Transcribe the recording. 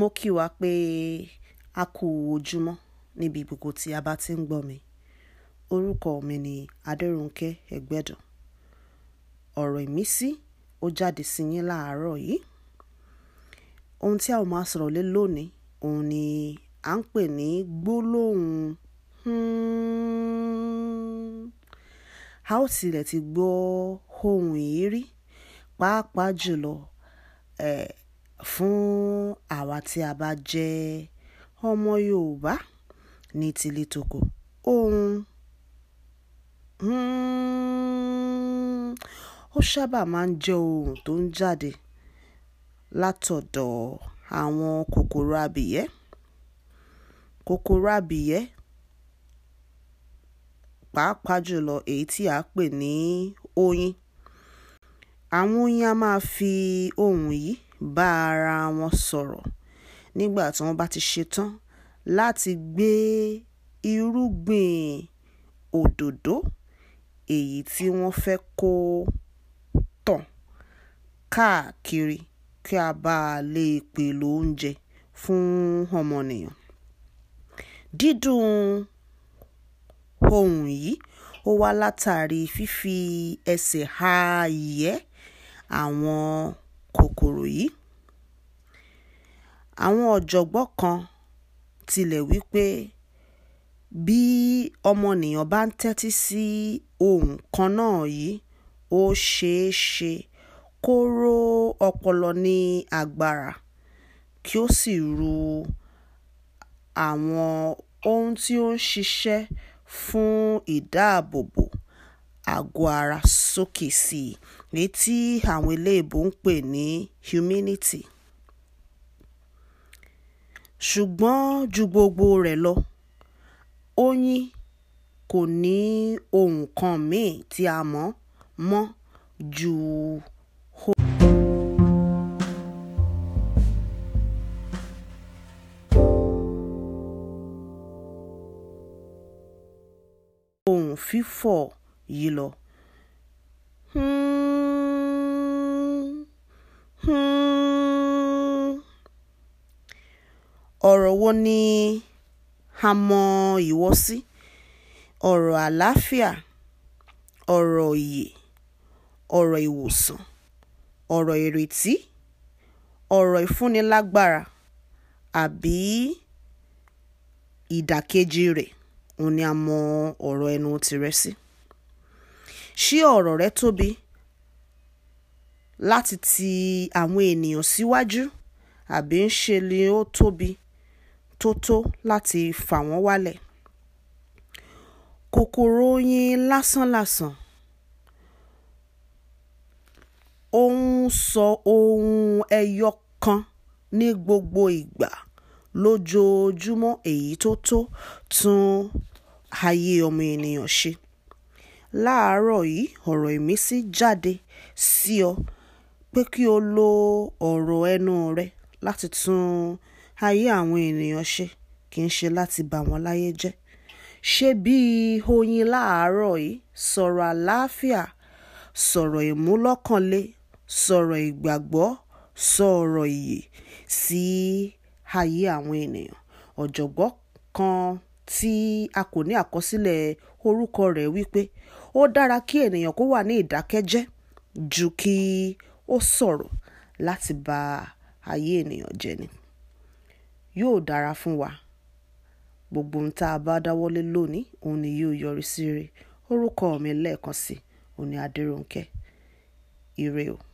mo kí wa pé a kú ojúmọ́ níbi gbogbo tí a bá ti ń gbọ́ mi orúkọ mi ni adẹ́rùnkẹ́ ẹ̀gbẹ́dùn ọ̀rọ̀ ìmísí ó jáde sí yín láàárọ̀ yìí ohun tí a ó máa sọ̀rọ̀ lé lónìí òun ni à ń pè ní gbólóhùn a ó tilẹ̀ ti gbọ́ ohùn yìí pàápàá jùlọ fún àwa tí a bá jẹ́ ọmọ Yorùbá ní tilé toko ohun um ó sábà máa ń jẹ́ ohùn tó ń jáde látọ̀dọ̀ àwọn kòkòrò abìyẹ́ kòkòrò abìyẹ́ pàápàá jùlọ èyí tí a pè ní oyin àwọn oyin a máa fi ohùn yìí bá ara wọn sọ̀rọ̀ nígbà tí wọ́n bá ti ṣetán láti gbé irúgbìn òdòdó èyí tí wọ́n fẹ́ kó tàn káàkiri kí a bá lè pèlò oúnjẹ fún ọmọnìyàn. Dídùn ohùn yìí ó wá látàrí fífi ẹsẹ̀ ha ìyẹ́ àwọn kòkòrò yìí àwọn ọ̀jọ̀gbọ́n kan tilẹ̀ wí pé bí ọmọnìyàn bá ń tẹ́tí sí ohùn kan náà yìí ó ṣeé ṣe kó ró ọpọlọ ní agbára kí ó sì ru àwọn ohun tí ó ń ṣiṣẹ́ fún ìdáàbòbò àgọ́ ara sókè sí i èyí tí àwọn eléèbó ń pè ní humanity ṣùgbọ́n ju gbogbo rẹ̀ lọ oyin kò ní ohun kan mí-ín tí a mọ̀ mọ́ ju ohun fífọ̀ yìí lọ. Hmm. Hmm. ọ̀rọ̀ wo ni a mọ ìwọ sí ọ̀rọ̀ àlàáfíà ọ̀rọ̀ òye ọ̀rọ̀ ìwòsàn ọ̀rọ̀ ìrètí ọ̀rọ̀ ìfúnnilágbára àbí ìdàkejì rẹ̀ òun ni a mọ ọ̀rọ̀ ẹnu tirẹ̀ sí. ṣé ọ̀rọ̀ rẹ tóbi láti ti àwọn ènìyàn síwájú àbí ń ṣe ni ó tóbi tó tó láti fà wọ́n wálẹ̀ kòkòrò oyin lásánlàsàn ó ń sọ ohun ẹyọ kan ní gbogbo ìgbà lójoojúmọ́ èyí tó tó tún ayé ọmọ ènìyàn ṣe láàárọ̀ yìí ọ̀rọ̀ ìmísí jáde sí ọ pé kí o lo ọ̀rọ̀ ẹnu rẹ láti tún ayé àwọn ènìyàn ṣe kì í ṣe láti bà wọ́n láyé jẹ́ ṣe bíi oyin láàárọ̀ yìí sọ̀rọ̀ àlàáfíà sọ̀rọ̀ ìmúlọ́kànle sọ̀rọ̀ ìgbàgbọ́ sọ̀rọ̀ ìyè sí ayé àwọn ènìyàn ọ̀jọ̀gbọ́n kan tí a kò ní àkọsílẹ̀ orúkọ rẹ̀ wípé ó dára kí ènìyàn kó wà ní ìdákẹ́jẹ́ ju kí ó sọ̀rọ̀ láti bà ayé ènìyàn jẹ́ ni. yóò dára fún wa gbogbo ohun tá a bá dáwọ́lé lónìí òun ni yóò yọrí sí rere orúkọ mi sí ire o.